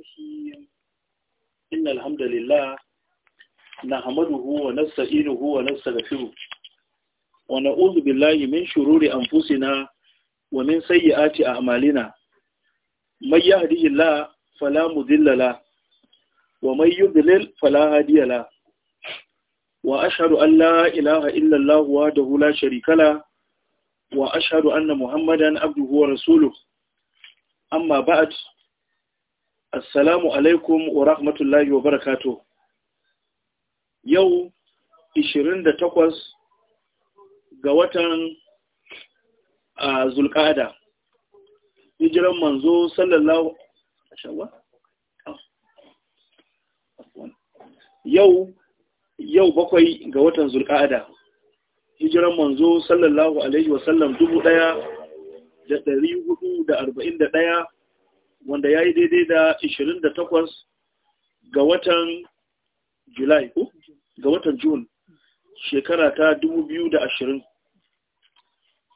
الرحيم إن الحمد لله نحمده ونستعينه ونستغفره ونعوذ بالله من شرور أنفسنا ومن سيئات أعمالنا من يهدي الله فلا مذل له ومن يضلل فلا هادي له وأشهد أن لا إله إلا الله وحده لا شريك له وأشهد أن محمدا عبده ورسوله أما بعد Assalamu alaikum wa rahmatullahi wa barakato. Yau 28 ga watan a Zulƙada. Hijiran manzo sallallahu Ashawa? Yau yau bakwai ga watan Zulƙada. Hijiran manzo sallallahu alaihi wa sallam dubu ɗaya da ɗari hudu da arba'in da ɗaya wanda ya yi daidai da 28 ga watan Julai ko ga watan Jun shekara ta 2020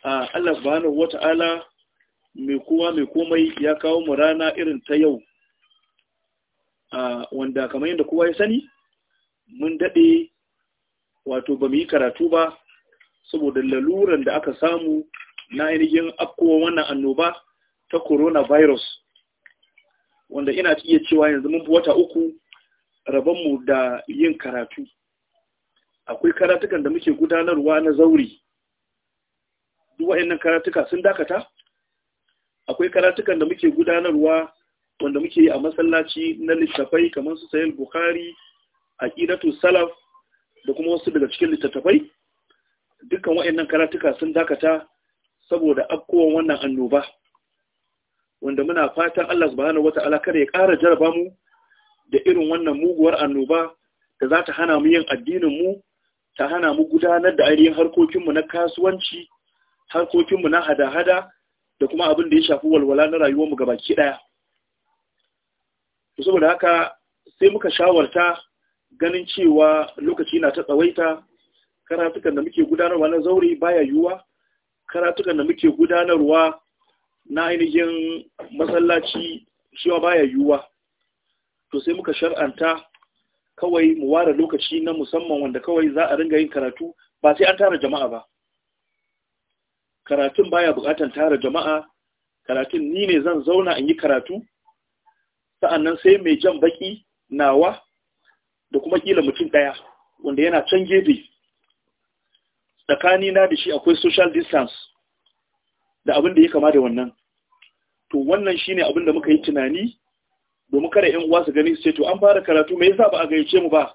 a Allah subhanahu wata'ala mai kowa mai komai ya kawo mu rana irin ta yau a wanda kamar yadda kowa ya sani mun daɗe wato ba mu yi karatu ba saboda laluran da aka samu na ainihin afkowa wannan annoba ta coronavirus wanda ina iya cewa yanzu mun wata uku rabonmu da yin karatu akwai karatukan da muke gudanarwa na zauri duk karatuka sun dakata akwai karatukan da muke gudanarwa wanda muke yi a masallaci na littattafai kamar su sayil bukhari aqidatu salaf da kuma wasu daga cikin littattafai dukkan waɗannan karatuka sun dakata saboda afkowan wannan annoba wanda muna fatan Allah subhanahu wata'ala kada ya ƙara jarba mu da irin wannan muguwar annoba da za ta hana mu yin addinin mu ta hana mu gudanar da ainihin harkokinmu na kasuwanci harkokinmu na hada-hada da kuma abin da ya shafi walwala na rayuwar rayuwarmu gabaki ɗaya saboda haka sai muka shawarta ganin cewa lokaci na ta tsawaita karatukan da muke gudanarwa na zaure baya yiwuwa karatukan da muke gudanarwa na ainihin masallaci cewa ba baya yiwuwa to sai muka shar'anta kawai mu ware lokaci na musamman wanda kawai za a ringa yin karatu ba sai an tara jama'a ba karatun baya bukatan tara jama'a karatun ni ne zan zauna in yi karatu sa'annan sai mai jan baki nawa da kuma kila mutum daya wanda yana can gefe tsakani na da shi akwai social distance da abin da ya kama da wannan to wannan shine abin da muka yi tunani domin kada 'yan uwa su gani su ce to an fara karatu me yasa ba a gayyace mu ba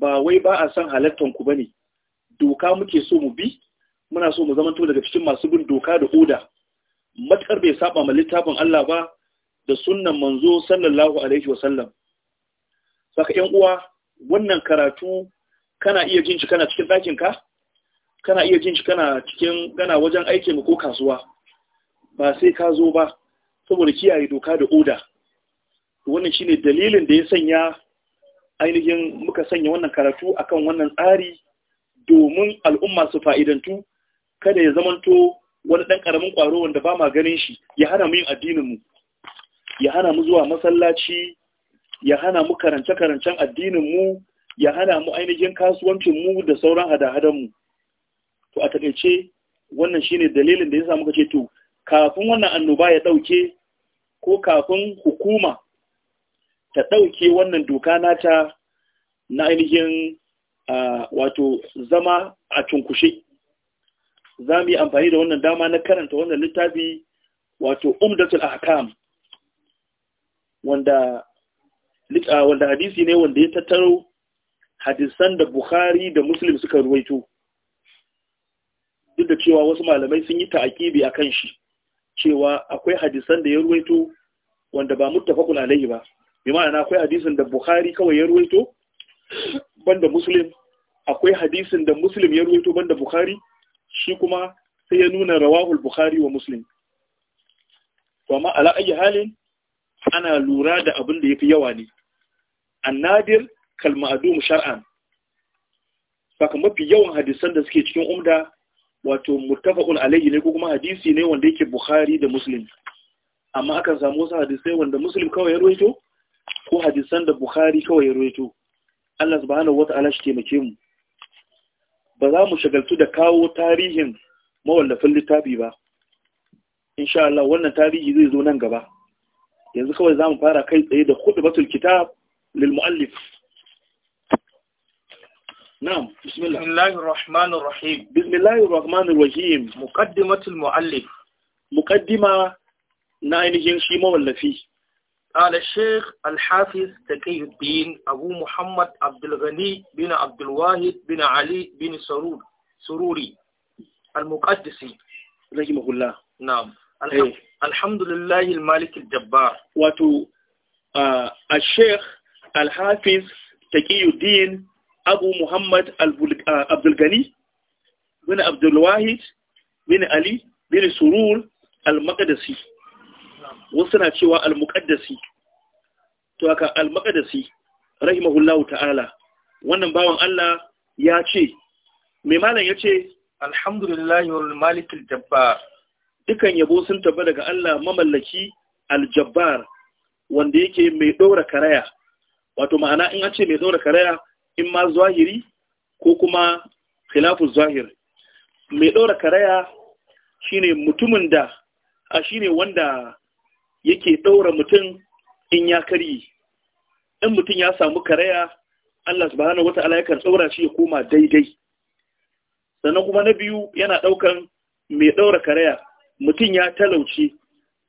ba wai ba a san halattan ku bane doka muke so mu bi muna so mu zamanto daga cikin masu bin doka da oda matkar bai saba ma littafin Allah ba da sunnan manzo sallallahu alaihi wa sallam. saka ƴan uwa wannan karatu kana iya jin shi kana cikin ɗakin ka kana iya jin shi kana cikin gana wajen aikin ko kasuwa ba sai ka zo ba saboda kiyaye doka da oda wannan shine dalilin da ya sanya ainihin muka sanya wannan karatu akan wannan tsari domin al'umma su fa'idantu kada ya zamanto wani ɗan ƙaramin ƙwaro wanda ba ma ganin shi ya hana mu yin mu ya hana mu zuwa masallaci ya hana mu karance-karancen addinin mu ya hana mu ainihin kasuwancin mu da sauran hada hadan mu to a takaice wannan shine dalilin da yasa muka ce to kafin wannan annoba ya dauke ko kafin hukuma ta dauke wannan doka nata na ainihin wato zama a cunkushe za mu yi amfani da wannan dama na karanta wannan littafi wato umdatul ahkam wanda wanda hadisi ne wanda ya tattaro hadisan da Bukhari da Muslim suka ruwaito duk da cewa wasu malamai sun yi ta'akibi akan shi cewa akwai hadisan da ya ruwaito wanda ba muttafaqun alaihi ba bi ma'ana akwai hadisin da Bukhari kawai ya ruwaito banda Muslim akwai hadisin da Muslim ya ruwaito banda Bukhari shi kuma sai ya nuna rawahul Bukhari wa Muslim to amma ala ayi halin ana lura da abin da yafi yawa ne annadir kalma'adum shar'an saka mafi yawan hadisan da suke cikin umda wato muttafaqun alayhi ne ko kuma hadisi ne wanda yake bukhari da muslim amma akan samu wasu hadisai wanda muslim kawai ya ruwaito ko hadisan da bukhari kawai ya ruwaito Allah subhanahu wata'ala shi taimake mu ba za mu shagaltu da kawo tarihin mawallafin littafi ba insha Allah wannan tarihi zai zo nan gaba yanzu kawai za mu fara kai tsaye da khutbatul kitab lil muallif نعم بسم الله بسم الله الرحمن الرحيم بسم الله الرحمن الرحيم مقدمة المؤلف مقدمة نائن شي فيه قال الشيخ الحافظ تقي الدين أبو محمد عبد الغني بن عبد الواحد بن علي بن سرور سروري المقدسي رحمه الله نعم الحمد, إيه. الحمد لله المالك الجبار واتو آه الشيخ الحافظ تقي الدين abu muhammad uh, abdulgani bin abdulwahid bin ali bin surur al-maqdisi wasu na cewa al-muqaddasi to haka al-maqdisi rahimahullahu ta'ala wannan bawan Allah ya ce mai malam ya ce Alhamdulillahi wa malik al-jabbar dukan yabo sun taba daga Allah mamallaki al-jabbar wanda yake mai ɗora karaya wato ma'ana in an ce mai ɗora karaya in ma zahiri ko kuma khilafu zahir mai ɗora karaya shine mutumin da a shine wanda yake ɗaura mutum in ya karye in mutum ya samu karaya Allah subhanahu wata'ala yakan tsaura shi ya koma daidai sannan kuma na biyu yana ɗaukan mai ɗaura karaya mutum ya talauci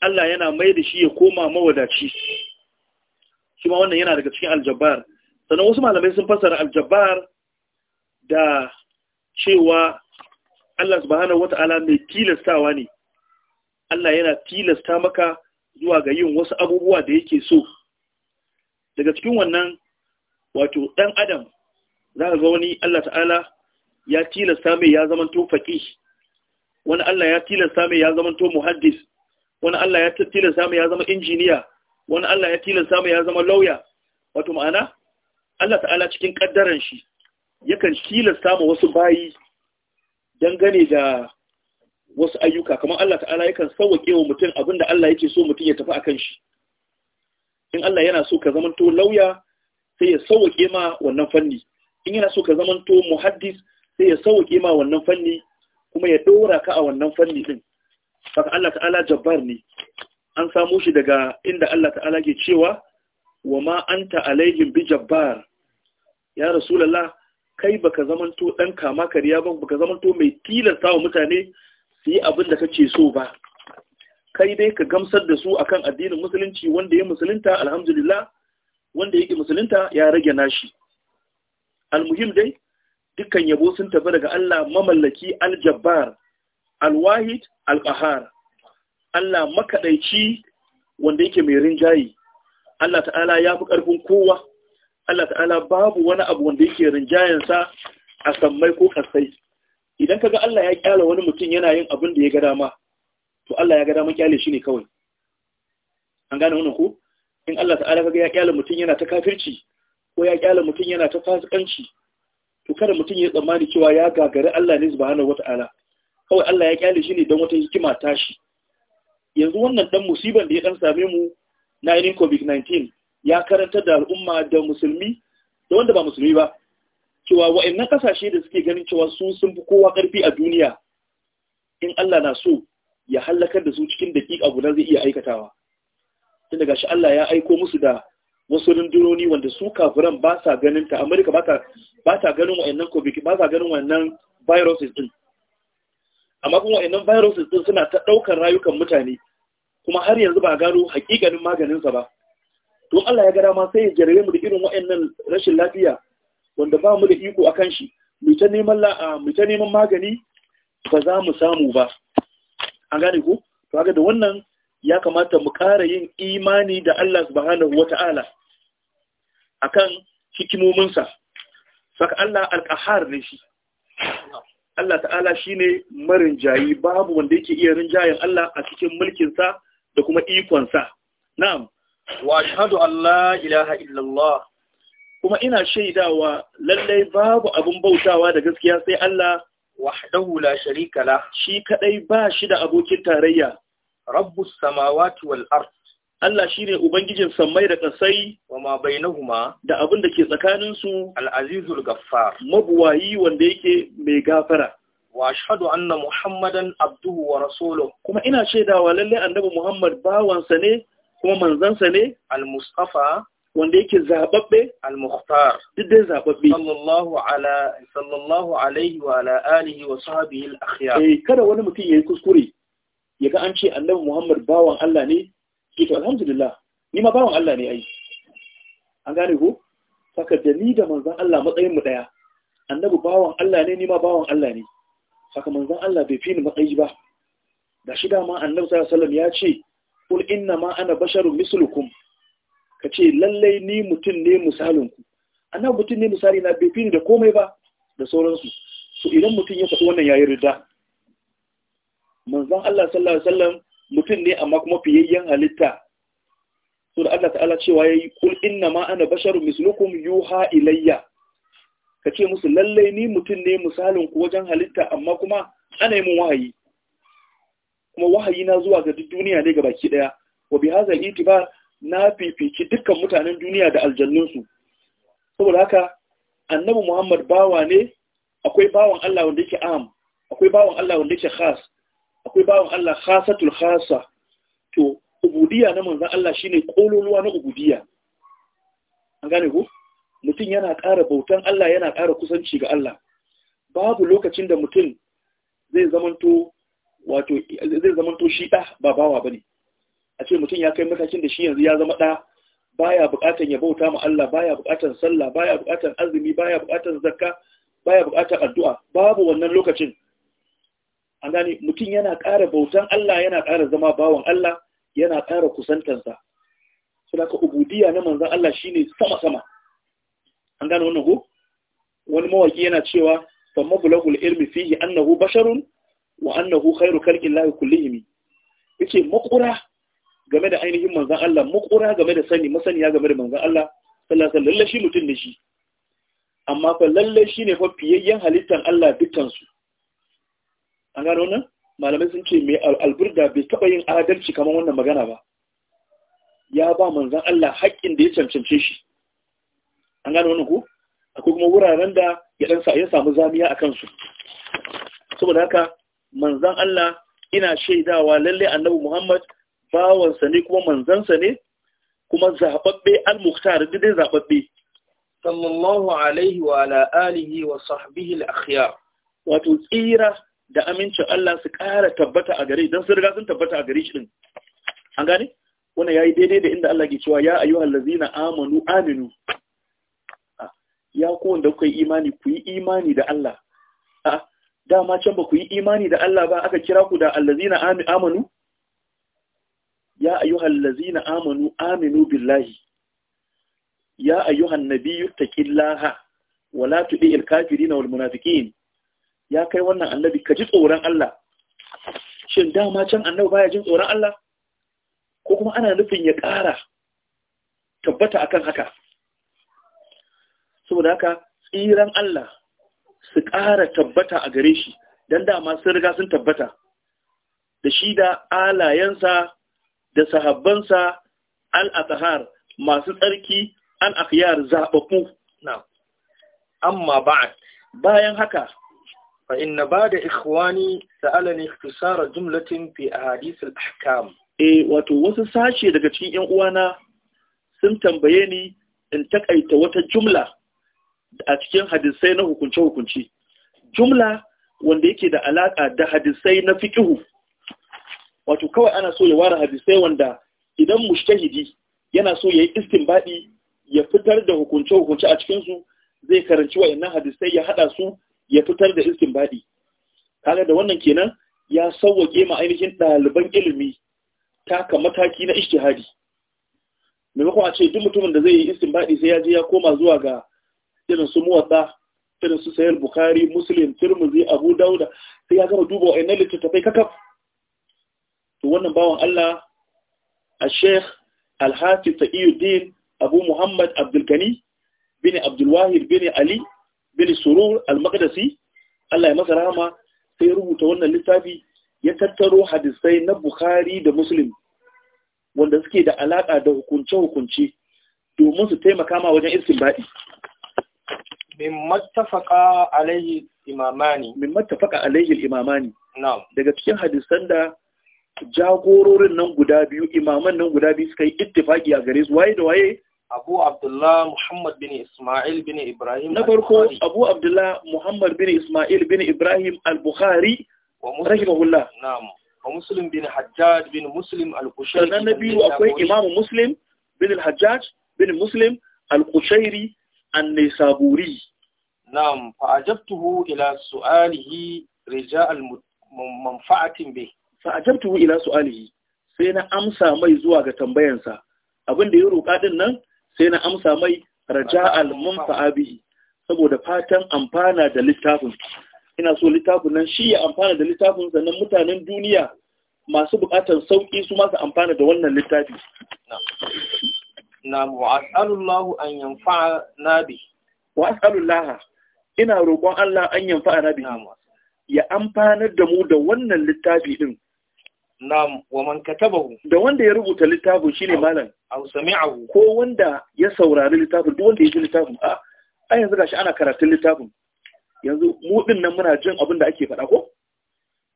Allah yana mai da shi ya koma mawadaci shi ma wannan yana daga cikin aljabar sannan wasu malamai sun fassara aljabbar da cewa Allah subhanahu wata'ala mai tilastawa ne Allah yana tilasta maka zuwa ga yin wasu abubuwa da yake so daga cikin wannan wato dan adam za ka ga wani Allah ta'ala ya tilasta mai ya zama to wani Allah ya tilasta mai ya zama muhaddis wani Allah ya tilasta mai ya zama injiniya wani Allah ya tilasta mai ya zama lauya wato ma'ana Allah ta'ala cikin ƙaddaran shi yakan tilasta ma wasu bayi dangane da wasu ayyuka kamar Allah ta'ala yakan sauwaƙe wa mutum abin da Allah yake so mutum ya tafi akan shi in Allah yana so ka zamanto lauya sai ya sauwaƙe ma wannan fanni in yana so ka zamanto muhaddis sai ya sauwaƙe ma wannan fanni kuma ya ɗora ka a wannan fanni din saka Allah ta'ala jabbar ne an samu shi daga inda Allah ta'ala ke cewa wa ma anta alaihim bi jabbar ya rasulallah kai baka zamanto dan kama kariya ba baka zamanto mai tilasta wa mutane su yi abin da kake so ba kai dai ka gamsar da su akan addinin musulunci wanda ya musulunta alhamdulillah wanda yake musulunta ya rage nashi almuhim dai dukkan yabo sun tafi daga Allah mamallaki aljabbar alwahid alqahar Allah makadaici wanda yake mai rinjayi Allah ta'ala ya fi ƙarfin kowa Allah ta'ala babu wani abu wanda yake rinjayensa a sammai ko kasai idan kaga Allah ya kyale wani mutum yana yin abin da ya ga dama to Allah ya ga dama kyale shi ne kawai an gane wannan ko in Allah ta'ala kaga ya kyale mutum yana ta kafirci ko ya kyale mutum yana ta fasikanci to kada mutum ya tsammani cewa ya gagari Allah ne subhanahu wata'ala kawai Allah ya kyale shi ne don wata hikima tashi yanzu wannan dan musiban da ya dan same mu na yin covid-19 ya karanta da al'umma da musulmi da wanda ba musulmi ba cewa wa'annan kasashe da suke ganin cewa su sun fi kowa karfi a duniya in Allah na so ya hallakar da su cikin daƙiƙa guda zai iya aikatawa tunda gashi Allah ya aiko musu da wasu rundunoni wanda su kafiran ba sa ganin ta Amerika ba ta ganin wa'annan covid ba sa ganin wa'annan viruses din amma kuma wa'annan viruses din suna ta ɗaukar rayukan mutane kuma har yanzu ba gano maganin maganinsa ba to Allah ya ga dama sai ya jarare mu da irin wa'annan rashin lafiya wanda ba mu da iko akan shi mu ta neman mu ta neman magani ba za mu samu ba an gane ko to haka da wannan ya kamata mu ƙara yin imani da Allah subhanahu wata'ala akan hikimominsa saka Allah alƙahar ne shi Allah ta'ala shine marin jayi babu wanda yake iya rinjayen Allah a cikin mulkin sa da kuma ikon sa, na'am wa ashhadu an ilaha illallah kuma ina shaidawa lallai babu abin bautawa da gaskiya sai Allah wahdahu la sharika la shi kadai ba shi da abokin tarayya rabbus samawati wal ard Allah shine ubangijin sammai da kasai wa ma bainahuma da abin da ke tsakanin su al-azizul gaffar mabuwayi wanda yake mai gafara wa ashhadu anna muhammadan abduhu wa rasuluhu kuma ina shaidawa lallai annabi muhammad bawansa ne kuma manzansa ne al-mustafa wanda yake zababbe al-mukhtar duk dai zababbe sallallahu ala sallallahu alaihi wa ala alihi wa sahbihi al-akhyar eh kada wani mutum yayi kuskure yaga an ce annabi Muhammad bawan Allah ne ke to alhamdulillah ni ma bawan Allah ne ai an gane ko saka da ni da manzon Allah matsayin mu daya annabi bawan Allah ne ni ma bawan Allah ne saka manzon Allah bai fi ni matsayi ba da shi dama annabi sallallahu alaihi wasallam ya ce kul inna ma ana basharun mislukum ka ce lallai ni mutum ne misalinku ana mutum ne misali na bai fini da komai ba da sauransu su idan mutum ya faɗi wannan yayin rida manzon Allah sallallahu alaihi wasallam mutum ne amma kuma fiyayyen halitta so da Allah ta'ala cewa yayi kul inna ma ana basharun mislukum yuha ilayya kace musu lallai ni mutum ne misalin ku wajen halitta amma kuma ana yi mun wahayi kuma wahayi na zuwa ga duniya ne ga baki daya wa bi hadha al-itibar na fifici dukkan mutanen duniya da aljannun su saboda haka annabi Muhammad bawa ne akwai bawan Allah wanda yake am akwai bawan Allah wanda yake khas akwai bawan Allah khasatul khasa to ubudiyya na manzon Allah shine kololuwa na ubudiyya an gane ko mutum yana ƙara bautan Allah yana ƙara kusanci ga Allah babu lokacin da mutum zai zamanto wato zai zama to shi ɗa ba bawa bane a ce mutum ya kai matakin da shi yanzu ya zama ɗa baya buƙatar ya bauta ma Allah baya buƙatar sallah baya buƙatar azumi baya buƙatar zakka baya buƙatar addu'a babu wannan lokacin an gani mutum yana ƙara bautan Allah yana ƙara zama bawan Allah yana ƙara kusantansa. kusantarsa ka ubudiya na manzon Allah shine sama sama an gani wannan ko wani mawaki yana cewa fa bulagul ilmi fihi annahu basharun wa annahu khairu khalqillahi kullihim yace makura game da ainihin manzan Allah makura game da sani masaniya game da manzon Allah sallallahu alaihi wasallam shi mutun ne shi amma fa lalle shi ne fa fiyayyen halittar Allah dukkan su an gano nan malamai sun ce mai alburda bai taba yin adalci kamar wannan magana ba ya ba manzon Allah haƙƙin da ya cancance shi an gano wannan ku akwai kuma wuraren da ya dan sa ya samu zamiya akan su saboda haka manzan Allah ina shaidawa lalle annabi Muhammad bawansa ne kuma manzansa ne kuma zababbe al-mukhtar duk dai zababbe sallallahu alaihi wa ala alihi wa sahbihi al-akhyar wato tsira da amincin Allah su ƙara tabbata a gare dan sun riga sun tabbata a gare shi din an gane wannan yayi daidai da inda Allah ke cewa ya ayyuhal ladzina amanu aminu ah, ya ku wanda kuka yi imani ku yi imani da Allah a ah, dama can ba ku yi imani da Allah ba aka kira ku da allazina amanu ya ayyuhal lazina amanu aminu billahi ya ayyuhan nabiyyu taqillaha wala tu'il kafirin wal munafiqin ya kai wannan annabi ka ji tsoron Allah shin dama can annabi baya jin tsoron Allah ko kuma ana nufin ya ƙara tabbata akan haka saboda haka tsiran Allah su ƙara tabbata a gare shi don dama sun riga sun tabbata da shi da alayensa da sahabbansa al masu tsarki al-akhyar zaɓaɓɓu amma ba bayan haka fa inna da ikhwani fi tsara jumlatin fi a hadisul ahkam eh wato wasu sashe daga cikin yan uwana sun tambaye ni in takaita wata jumla a cikin hadisai na hukunce-hukunci jumla wanda yake da alaƙa da hadisai na fikihu wato kawai ana so ya ware hadisai wanda idan mushtahidi yana so ya yi istin baɗi ya fitar da hukunce-hukunce a cikinsu zai karanci wayannan hadisai ya haɗa su ya fitar da baɗi kaga da wannan kenan ya sauwake ma ainihin ɗaliban ilimi taka mataki na ishtihadi maimakon a ce duk mutumin da zai yi baɗi sai ya je ya koma zuwa ga irin su muwatsa irin su sayar bukari muslim firmuzi abu dauda sai ya gama duba na littattafai kakaf to wannan bawan allah a sheikh alhaji sa'iyuddin abu muhammad abdulkani bin abdulwahid bini ali bini surur al maqdasi allah ya masa rahama sai ya rubuta wannan littafi ya tattaro hadisai na Bukhari da Muslim wanda suke da alaka da hukunce-hukunce domin su taimaka ma wajen baɗi. Min tafaqa alayhi imamani Min tafaqa alayhi imamani na'am daga cikin hadisan da jagororin nan guda biyu imaman nan guda biyu suka yi ittifaqi a gare su waye da waye Abu Abdullah Muhammad bin Ismail bin Ibrahim Na farko Abu Abdullah Muhammad bin Ismail bin Ibrahim Al-Bukhari wa rahimahullah na'am wa Muslim bin Hajjaj bin Muslim Al-Qushairi Sannan na biyu akwai Imam Muslim bin Al-Hajjaj bin Muslim Al-Qushairi An-Nisaburi na'am fa ajabtuhu ila رجاء rija'al به bi fa سؤاله ila su'alihi sai na amsa mai zuwa ga tambayansa abin da ya roƙa din nan sai na amsa mai raja'al saboda fatan amfana da littafin ina so littafin nan shi ya amfana da littafin sannan mutanen duniya masu buƙatar sauƙi su masu amfana da wannan littafin. na allah an nabi wa ina roƙon Allah an yanfa na bihi ya amfanar da mu da wannan littafi ɗin? wa man katabahu da wanda ya rubuta littafin shine malam aw sami'ahu ko wanda ya saurari littafin duk wanda ya ji littafin a a yanzu gashi ana karatun littafin yanzu mu ɗin nan muna jin abin da ake faɗa ko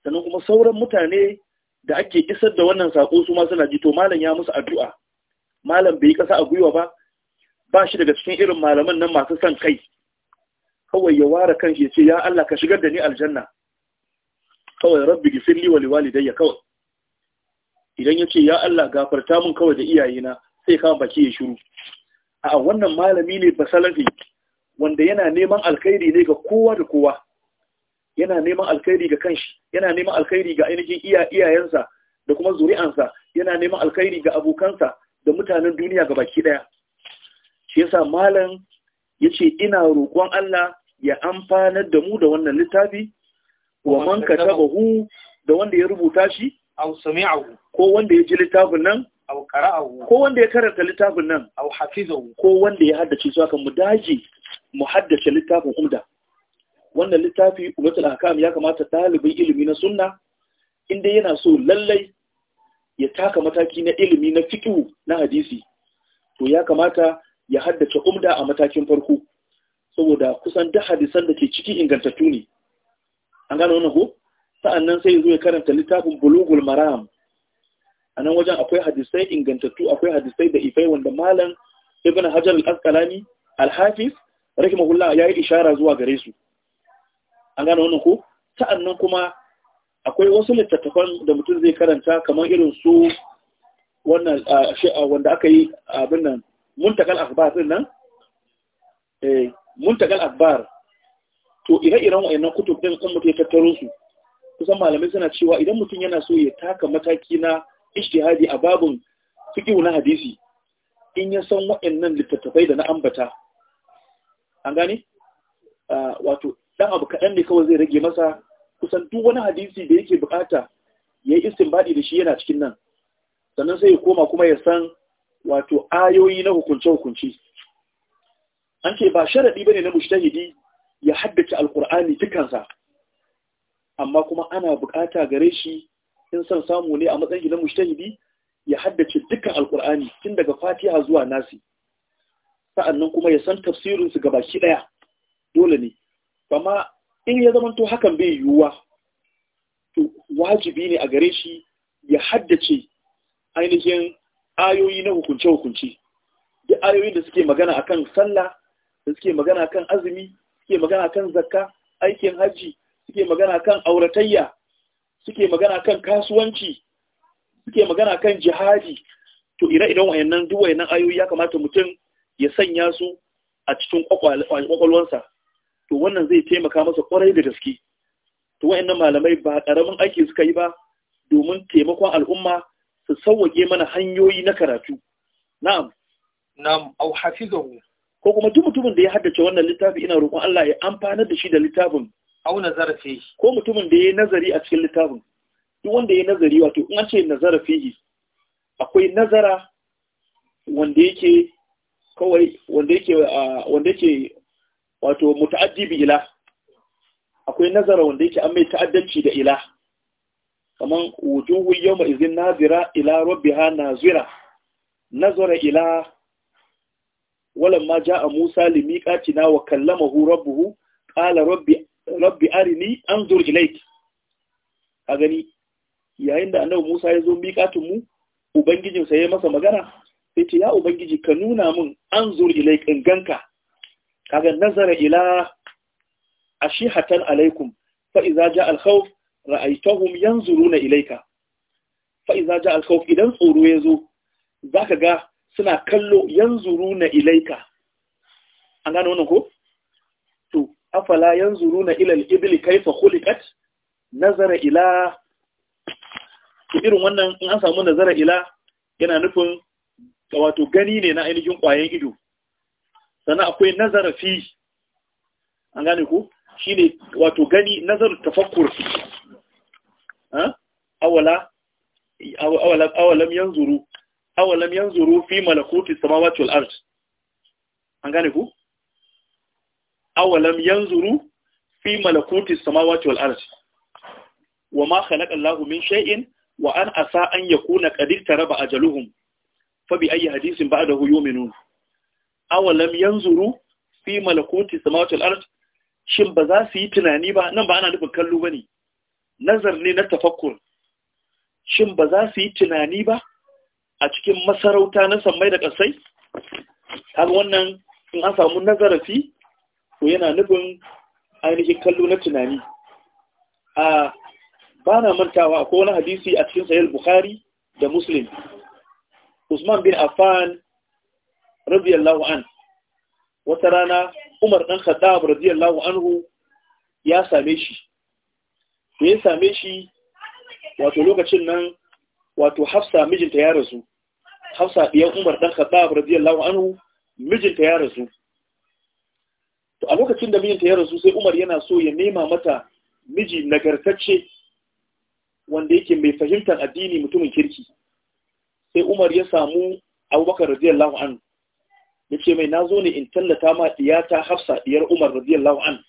sannan kuma sauran mutane da ake isar da wannan sako su ma suna ji to malam ya musu addu'a malam bai yi ƙasa a gwiwa ba ba shi daga cikin irin malaman nan masu son kai kawai ya ware kanshi ya ce ya Allah ka shigar da ni aljanna kawai rabbi gifirli wa walidayya kawai idan ya ce ya Allah gafarta mun kawai da iyayena sai kama baki ya shiru a wannan malami ne basalafi wanda yana neman alkhairi ne ga kowa da kowa yana neman alkhairi ga kanshi yana neman alkhairi ga ainihin iyayensa da kuma zuri'ansa yana neman alkhairi ga abokansa da mutanen duniya ga baki daya shi yasa malam yace ina roƙon Allah ya amfanar da mu da wannan littafi wa man katabahu da wanda ya rubuta shi aw sami'ahu ko wanda ya ji littafin nan aw qara'ahu ko wanda ya karanta littafin nan aw hafizahu ko wanda ya haddace su haka mu daji mu haddace littafin umda wannan littafi ummatul ahkam ya kamata dalibin ilimi na sunna inda yana so lallai ya taka mataki na ilimi na fiqh na hadisi to ya kamata ya haddace umda a matakin farko saboda kusan duk hadisan da ke ciki ingantattu ne an gano wannan ko sa'annan sai zo ya karanta littafin bulugul maram a nan wajen akwai hadisai ingantattu akwai hadisai da ifai wanda malam ibn hajar al-asqalani al-hafiz rahimahullah yayi ishara zuwa gare su an gano wannan ko sa'annan kuma akwai wasu littattafan da mutum zai karanta kamar irin su wannan wanda aka yi abin nan muntakal akhbar din nan eh muntagal akbar to ire-iren waannan kutub ɗin kan mutu ya tattaro su kusan malamai suna cewa idan mutum yana so ya taka mataki na ijtihadi a babun fiqh na hadisi in ya san wa'annan littattafai da na ambata an gane wato dan abu kaɗan ne kawai zai rage masa kusan duk wani hadisi da yake bukata ya yi istinbadi da shi yana cikin nan sannan sai ya koma kuma ya san wato ayoyi na hukunce hukunce an ce ba sharaɗi ba ne na mushtahidi ya haddace alkur'ani dukansa amma kuma ana bukata gare shi in san samu ne a matsayin na mushtahidi ya haddace dukkan alkur'ani tun daga fatiha zuwa nasi sa'annan kuma ya san tafsirin su baki ɗaya dole ne amma in ya zamanto hakan bai yiwuwa to wajibi ne a gare shi ya haddace ainihin ayoyi na hukunce hukunce duk ayoyin da suke magana akan sallah da suke magana kan azumi suke magana kan zakka aikin hajji suke magana kan auratayya suke magana kan kasuwanci suke magana kan jihadi to ire idan wayannan duk wayannan ayoyi ya kamata mutum ya sanya su a cikin kwakwalwansa to wannan zai taimaka masa kwarai da gaske to wayannan malamai ba karamin aiki suka yi ba domin taimakon al'umma su sauwaƙe mana hanyoyi na karatu na'am na'am au hafizahu ko kuma duk mutumin da ya haddace wannan littafi ina roƙon Allah ya amfanar da shi da littafin au nazara fihi ko mutumin da ya nazari a cikin littafin duk wanda ya nazari wato in an ce nazara fihi akwai nazara wanda yake kawai wanda yake wanda yake wato muta'addi bi ila akwai nazara wanda yake an mai ta'addanci da ila kaman wujuhu yawma izin nazira ila rabbiha nazira nazara ila Walan walamma a Musa limiqatina wa kallamahu rabbuhu qala rabbi rabbi arini anzur ilayk a gani yayin da annabi Musa ya zo miqatun mu ubangijinsa ya masa magana sai ce ya ubangiji ka nuna min anzur ilayk in ganka kaga nazara ila ashihatan alaikum fa idza jaa al-khawf ra'aytahum yanzuruna ilayka fa idza jaa al-khawf idan tsoro yazo zaka ga suna kallo na ilaika an gano wannan ko to afala yanzuruna ila al-ibli kaifa khuliqat nazara ila to irin wannan in an samu nazara ila yana nufin wato gani ne na ainihin kwayen ido sannan akwai nazara fi an gane ku shi ne wato gani nazarin tafakkur awalam yanzuru awalam yanzuru fi malakuti samawati wal ard an gane ku awalam yanzuru fi malakuti samawati wal ard wama khalaqa Allahu min shay'in wa an asa an yakuna qad taraba ajaluhum fa bi ayyi hadisin ba'dahu yu'minun awalam yanzuru fi malakuti samawati wal ard shin ba za su yi tunani ba nan ba ana nufin kallo bane nazar ne na tafakkur shin ba za su yi tunani ba a cikin masarauta na sammai da ƙasai har wannan in an samu nazarafi ko yana nufin ainihin kallo na tunani a ba na mantawa ko wani hadisi a cikin sayar bukhari da muslim usman bin affan radiyallahu an wata rana umar dan khattab radiyallahu anhu ya same shi ya same shi wato lokacin nan wato hafsa mijinta ya rasu hausa ɗiyan umar ɗan khattab radiyallahu anhu mijinta ya rasu to a lokacin da mijinta ya rasu sai umar yana so ya nema mata miji nagartacce wanda yake mai fahimtar addini mutumin kirki sai umar ya samu abubakar radiyallahu anhu ya ce mai na zo ne in tallata ma ɗiyata hafsa ɗiyar umar radiyallahu anhu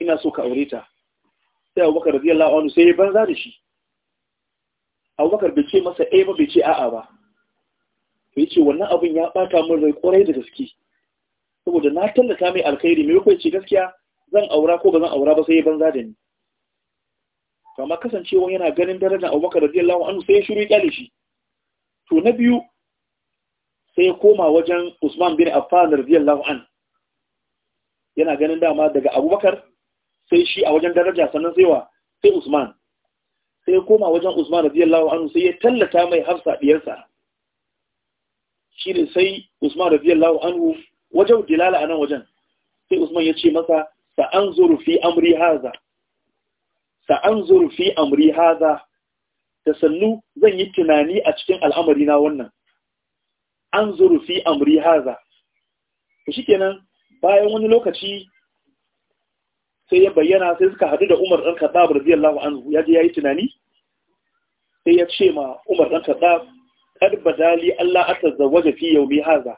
ina so ka aure ta sai abubakar radiyallahu anhu sai ya banza da shi abubakar bai ce masa eh ba bai ce a'a ba to ce wannan abin ya ɓata min rai ƙwarai da gaske saboda na tallata mai alkhairi mai yake ce gaskiya zan aura ko ba zan aura ba sai banza da ni kama kasancewa yana ganin darajar abubakar da radiyallahu lawan sai ya shiru ya kyale shi to na biyu sai ya koma wajen usman bin affan radiyallahu lawan yana ganin dama daga abubakar sai shi a wajen daraja sannan sai wa sai usman sai ya koma wajen usman da radiyallahu lawan sai ya tallata mai hafsa diyarsa shine sai Usman radiyallahu anhu wajen dilala anan wajen sai Usman ya ce masa sa'anzuru fi amri haza sa'anzuru fi amri haza da sannu zan yi tunani a cikin al'amari na wannan anzuru fi amri haza shikenan bayan wani lokaci sai ya bayyana sai suka hadu da Umar ɗan Khattab radiyallahu anhu ya je yayi tunani sai ya ce ma Umar ɗan Khattab kad badali Allah atazawwaja fi yawmi hadha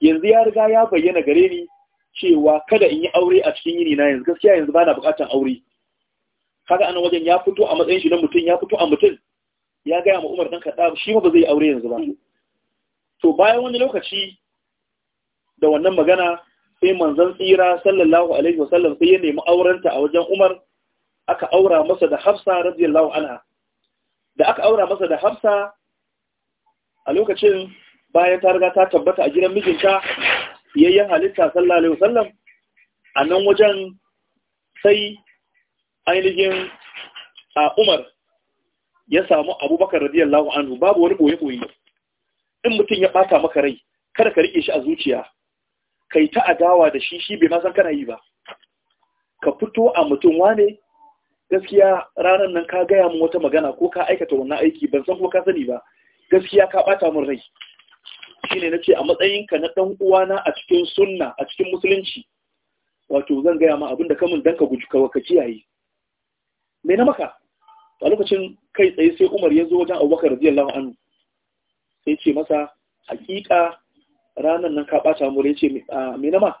yanzu ya riga ya bayyana gare ni cewa kada in yi aure a cikin yini na yanzu gaskiya yanzu bana buƙatar aure kaga anan wajen ya fito a matsayin shi na mutum ya fito a mutum ya gaya ma Umar dan kada shi ma ba zai aure yanzu ba to bayan wani lokaci da wannan magana sai manzon tsira sallallahu alaihi wasallam sai ya nemi aurenta a wajen Umar aka aura masa da Hafsa radiyallahu anha da aka aura masa da Hafsa a lokacin bayan ta riga ta tabbata a gidan mijinta yayyan halitta sallallahu alaihi wasallam a nan wajen sai ainihin a Umar ya samu Abubakar radiyallahu anhu babu wani boye boye in mutum ya bata maka rai kada ka rike shi a zuciya kai ta adawa da shi shi bai ma san kana yi ba ka fito a mutum wane gaskiya ranar nan ka gaya min wata magana ko ka aikata wannan aiki ban san ko ka sani ba gaskiya ka bata min rai shine nace a matsayinka na dan uwana a cikin sunna a cikin musulunci wato zan gaya ma abinda kamun dan ka guji ka kiyaye me na maka a lokacin kai tsaye sai Umar ya zo wajen Abubakar radiyallahu anhu sai ce masa hakika ranan nan ka bata mu rai ce me na ma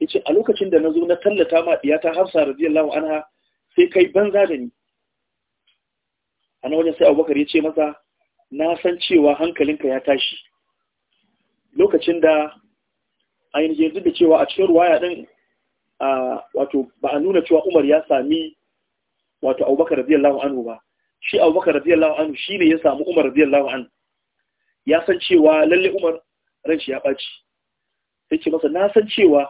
yace a lokacin da nazo na tallata ma diyata Hafsa radiyallahu anha sai kai banza da ni ana wajen sai Abubakar ya ce masa na san cewa hankalinka ya tashi lokacin da ainihin duk da cewa a cikin ruwaya din wato ba a nuna cewa Umar ya sami wato Abubakar radiyallahu anhu ba shi Abubakar radiyallahu anhu ne ya samu Umar radiyallahu anhu ya san cewa lalle Umar ran shi ya ɓaci. sai ce masa na san cewa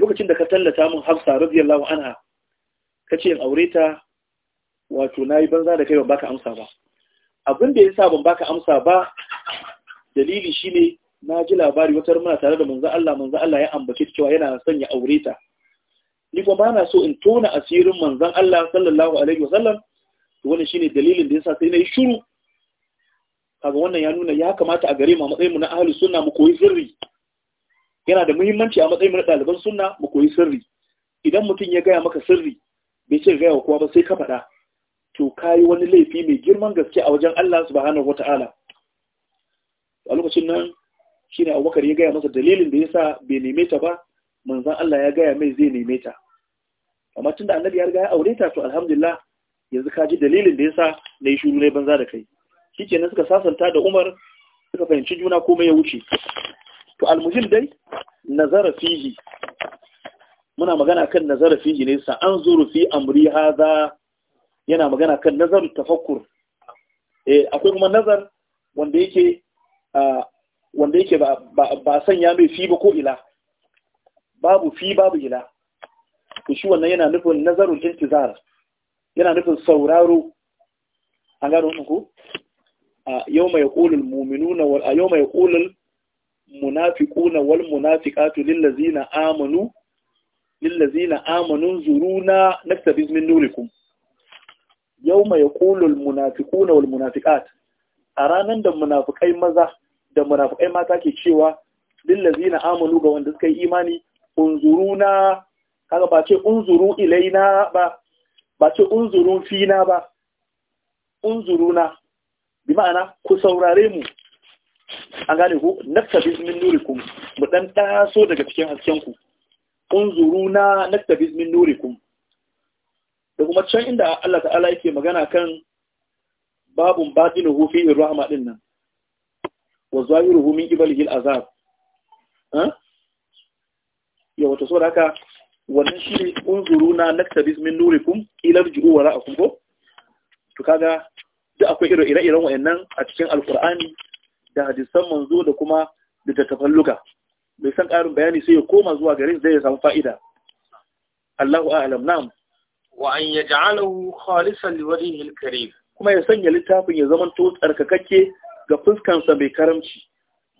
lokacin da ka tallata min Hafsa radiyallahu anha ce in aure ta wato na yi banza da kai ban baka amsa ba abin da ya sa ban baka amsa ba dalili shine na ji labari wata muna tare da manzo Allah manzo Allah ya ambace cewa yana son ya aure ta ni kuma bana so in tona asirin manzan Allah sallallahu alaihi wasallam to wannan shine dalilin da yasa sai na yi shiru kaga wannan ya nuna ya kamata a gare mu a matsayin mu na ahlus sunna mu koyi sirri yana da muhimmanci a matsayin mu na ɗaliban sunna mu koyi sirri idan mutum ya gaya maka sirri bai ce gaya wa kowa ba sai ka faɗa to kayi wani laifi mai girman gaske a wajen Allah subhanahu wata'ala a lokacin nan shi ne Abubakar ya gaya masa dalilin da ya sa bai neme ta ba manzon Allah ya gaya mai zai neme ta amma da annabi ya riga ya aure ta to alhamdulillah yanzu ka ji dalilin da ya sa na yi shiru ne banza da kai shi shikenan suka sasanta da Umar suka fahimci juna komai ya wuce to almuhim dai nazara fihi muna magana kan nazara fihi ne sa an zuru fi amri haza. yana magana kan nazar tafakkur eh akwai kuma nazar wanda yake wanda yake ba sanya mai fi ba ko ila babu fi babu ila to shi wannan yana nufin nazarul intizar yana nufin sauraro an gano ku a yau mai kulul muminuna wal a yau mai kulul munafiquna wal munafiqatu lil ladzina amanu lil ladzina amanu zuruna naktabiz min nurikum yawma yaqulul munafiquna wal munafiqat a ranar da munafikai maza da munafikai mata ke cewa Lillazina ladzina amanu ga wanda suka yi imani unzuruna kaga ba ce unzuru ilaina ba ba ce unzuru fina ba unzuruna bi ma'ana ku saurare mu an gane ku naktabiz min nurikum mu dan taso daga cikin hasken ku unzuruna naktabiz min nurikum da kuma can inda Allah ta'ala yake magana kan babun batinu hufi in rahama din nan wa zahiruhu min qibalihi al'azab ha ya wato da haka wannan shi unzuruna naktabis min nurikum ila wa wara'akum ko to kaga da akwai ire-iren wayannan a cikin alqur'ani da hadisan manzo da kuma littattafan luka bai san ƙarin bayani sai ya koma zuwa garin zai samu fa'ida Allahu a'lam na'am wa an yaj'alahu khalisan liwajhihi hilkari kuma ya sanya littafin ya zama to tsarkakakke ga fuskansa mai karamci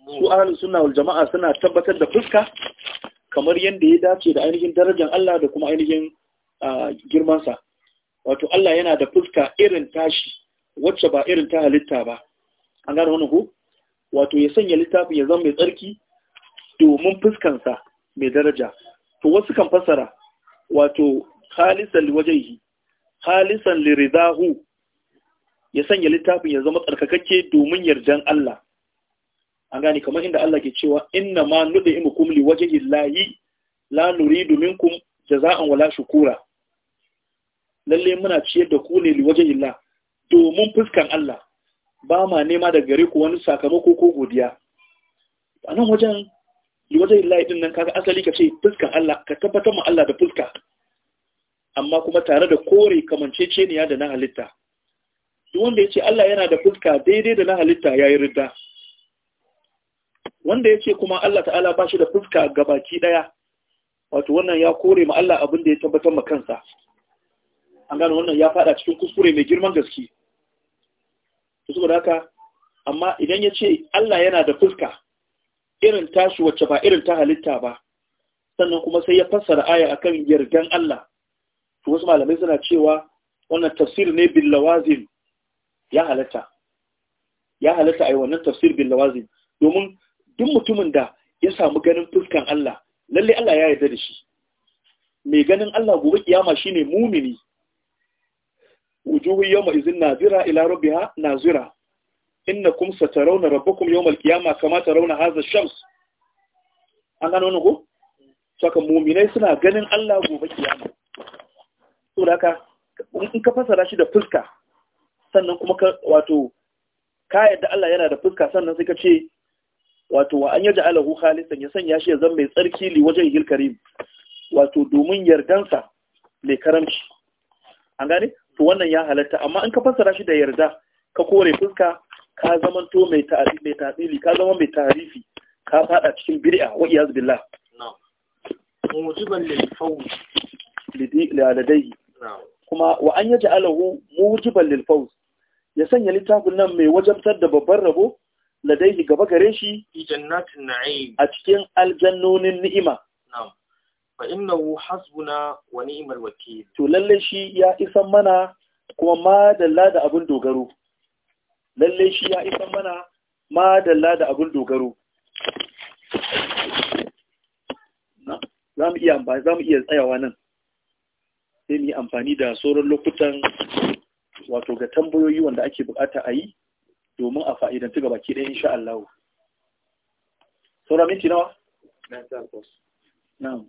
su ahalin suna wal jama'a suna tabbatar da fuska kamar yadda ya dace da ainihin darajar Allah da kuma ainihin girmansa wato Allah yana da fuska irin tashi wacce ba irin ta halitta ba an gane wani ko wato ya sanya littafin ya zama mai tsarki domin fuskansa mai daraja to wasu kan fasara wato khalisan liwajaihi khalisan liridahu ya sanya littafin ya zama tsarkakakke domin yardan Allah an gane kamar inda Allah ke cewa inna ma nud'imukum liwajhi llahi la nuridu minkum jaza'an wala shukura lalle muna ciyar da ku ne liwajhi domin fuskan Allah ba ma nema da gare ku wani sakamako ko godiya a nan wajen liwajhi llahi din nan kaga asali ka ce fuskan Allah ka tabbatar mu Allah da fuska amma kuma tare da kore kamanceceniya da na halitta duk wanda ya ce Allah yana da fuska daidai da na halitta ya yi ridda wanda ya ce kuma Allah ta'ala ba shi da fuska gabaki ɗaya wato wannan ya kore ma Allah abin da ya tabbatar ma kansa an gano wannan ya fada cikin kuskure mai girman gaske to saboda haka amma idan ya ce Allah yana da fuska irin tashi wacce ba irin ta halitta ba sannan kuma sai ya fassara aya akan yardan Allah to wasu malamai suna cewa wannan tafsir ne bil lawazim ya halatta ya halatta a yi wannan tafsir bil lawazim domin duk mutumin da ya samu ganin fuskan Allah lalle Allah ya yarda da shi mai ganin Allah gobe kiyama shine mumini wujuhu yawma izin nazira ila rabbiha nazira innakum satarawna rabbakum yawmal qiyamah kama tarawna hadha ash-shams an gano ne ko saka mu'minai suna ganin Allah gobe kiyama saboda haka in ka fasara shi da fuska sannan kuma ka wato ka yadda Allah yana da fuska sannan sai ka ce wato wa an yaja alahu khalisan ya sanya shi ya zama mai tsarki li wajen hil karim wato domin yardansa mai karamci an gane to wannan ya halatta amma in ka fasara shi da yarda ka kore fuska ka zama to mai mai ta'dili ka zama mai tarifi ka fada cikin bid'a wa iyaz billah na'am mujiban lil fawz lidai kuma wa an yaji alahu mujiban lil fawz ya sanya littafin nan mai wajabtar da babban rabo ladaihi gaba gare shi jannatin na'im a cikin aljannonin ni'ima na'am fa innahu hasbuna wa ni'mal wakeel to lalle shi ya isan mana kuma madalla da abun dogaro lalle shi ya isan mana madalla da abin dogaro za mu iya tsayawa nan sai mu yi amfani da sauran lokutan wato ga tambayoyi wanda ake bukata a yi domin a fa'idantu gaba ke ɗaya insha Allah. Sauran minti nawa? na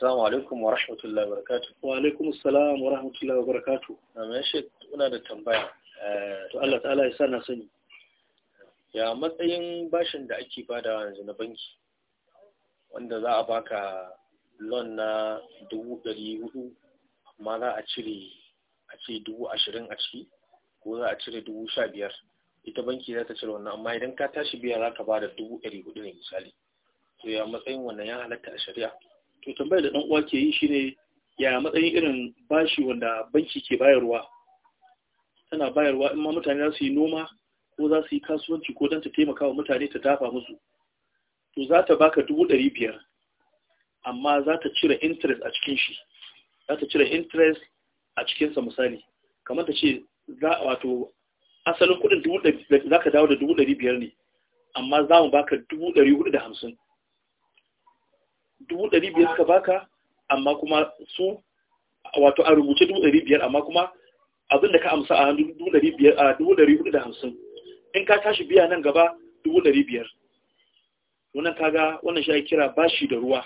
Sauran alaikum wa rahmatullahi wa barakatu Wa alaikum salam wa rahmatullahi wa barakatuh. Na shi muna da tambaya. Eh, to Allah ta'ala ya sa na sani. Ya matsayin bashin da ake badawa yanzu na banki. wanda za a baka loan na dubu ɗari hudu amma za a cire a ce dubu ashirin a ciki ko za a cire dubu sha biyar ita banki za ta cire wannan amma idan ka tashi biya za ka ba da dubu ɗari hudu ne misali to ya matsayin wannan ya halatta a shari'a to tambayar da ɗan uwa ke yi shine ya matsayin irin bashi wanda banki ke bayarwa tana bayarwa in ma mutane za su yi noma ko za su yi kasuwanci ko don ta taimaka wa mutane ta dafa musu to za ta baka dubu ɗari biyar amma za ta cire interest a cikin shi za ta cire interest a cikinsa misali kamar ta ce za wato asalin kudin dubu ɗari za ka dawo da dubu ɗari biyar ne amma za mu baka dubu ɗari hudu da hamsin dubu ɗari biyar ka baka amma kuma su wato a rubuce dubu ɗari biyar amma kuma abin da ka amsa a dubu ɗari biyar a dubu ɗari hudu da hamsin in ka tashi biya nan gaba dubu ɗari biyar wannan kaga wannan shi kira bashi da ruwa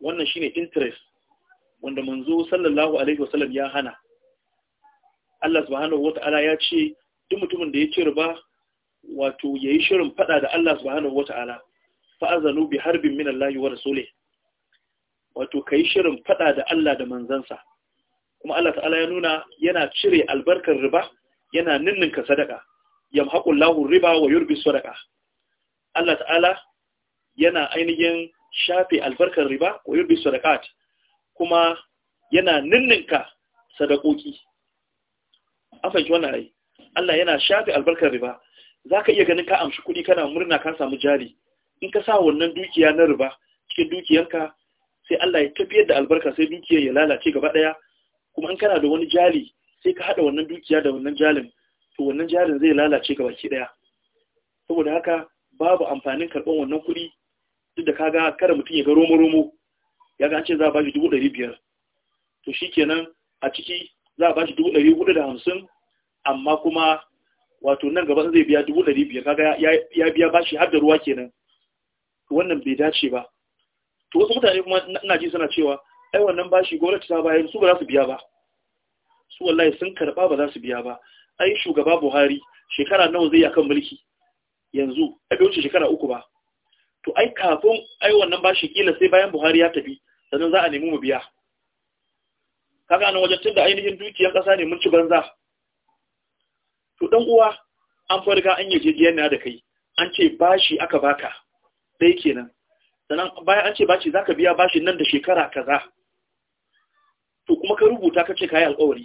wannan shine interest wanda manzo sallallahu alaihi wasallam ya hana Allah subhanahu wata'ala ya ce duk mutumin da ya ci riba wato yayi shirin fada da Allah subhanahu wata'ala fa azanu bi harbin min Allah wa rasulih wato kai shirin fada da Allah da manzansa kuma Allah ta'ala ya nuna yana cire albarkar riba yana ninninka sadaka yamhaqullahu riba wa yurbi sadaka Allah ta'ala yana ainihin shafe albarkar riba ko yurbi sadaqat kuma yana ninninka sadakoki afai wannan ai Allah yana shafe albarkar riba zaka iya ganin ka amshi kuɗi kana murna ka samu jari in ka sa wannan dukiya na riba cikin dukiyanka sai Allah ya tafiyar da albarka sai dukiya ya lalace gaba daya kuma in kana da wani jali sai ka hada wannan dukiya da wannan jalin to wannan jarin zai lalace gaba ki daya saboda haka babu amfanin karɓar wannan kuɗi duk da kaga kada mutum ya ga romo-romo ya ga an ce za a ba shi dubu ɗari biyar to shi kenan a ciki za a ba shi dubu ɗari hudu da hamsin amma kuma wato nan gaban zai biya dubu ɗari biyar kaga ya biya ba shi har da ruwa kenan wannan bai dace ba to wasu mutane kuma ina ji suna cewa ai wannan bashi gwamnati ta bayar su ba za su biya ba su wallahi sun karɓa ba za su biya ba ai shugaba buhari shekara nawa zai yi akan mulki yanzu a bai wuce shekara uku ba to ai kafin ai wannan bashi kila sai bayan buhari ya tafi sannan za a nemi mu biya kaga nan wajen tunda ainihin dukiyar kasa ne mun ci banza to dan uwa an farga an yi jejiyar da kai an ce bashi aka baka dai kenan sannan bayan an ce bashi zaka biya bashi nan da shekara kaza to kuma ka rubuta ka ce kai alƙawari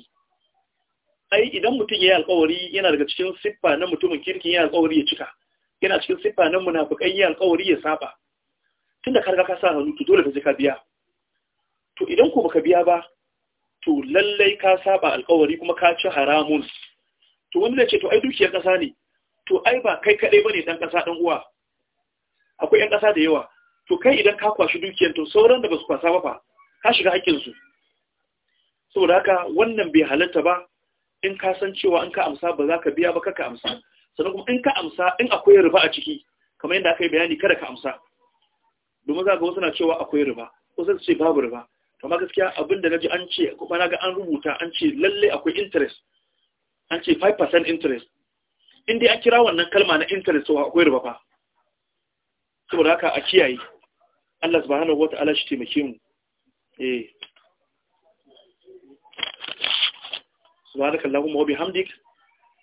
ai idan mutum ya yi alƙawari yana daga cikin siffa na mutumin kirkin yayi alƙawari ya cika yana cikin siffa nan munafikan yi alƙawari ya saba Tun da karka ka sa hannu to dole ka je ka biya to idan ko baka biya ba to lallai ka saba alƙawari kuma ka ci haramun to wanda ce to ai dukiyar ƙasa ne to ai ba kai kaɗai bane dan ƙasa dan uwa akwai 'yan ƙasa da yawa to kai idan ka kwashi dukiyar to sauran da ba su kwasa ba fa ka shiga hakkin su saboda haka wannan bai halatta ba in ka san cewa in ka amsa ba za ka biya ba ka amsa sannan kuma in ka amsa in akwai riba a ciki kamar yadda aka yi bayani kada ka amsa domin za ka wasu na cewa akwai riba wasu ce babu riba amma gaskiya abin da naji an ce kuma na ga an rubuta an ce lalle akwai interest an ce 5% interest in dai an kira wannan kalma na interest to akwai riba fa saboda haka a kiyaye Allah subhanahu wata'ala shi taimake mu eh subhanakallahumma wa bihamdika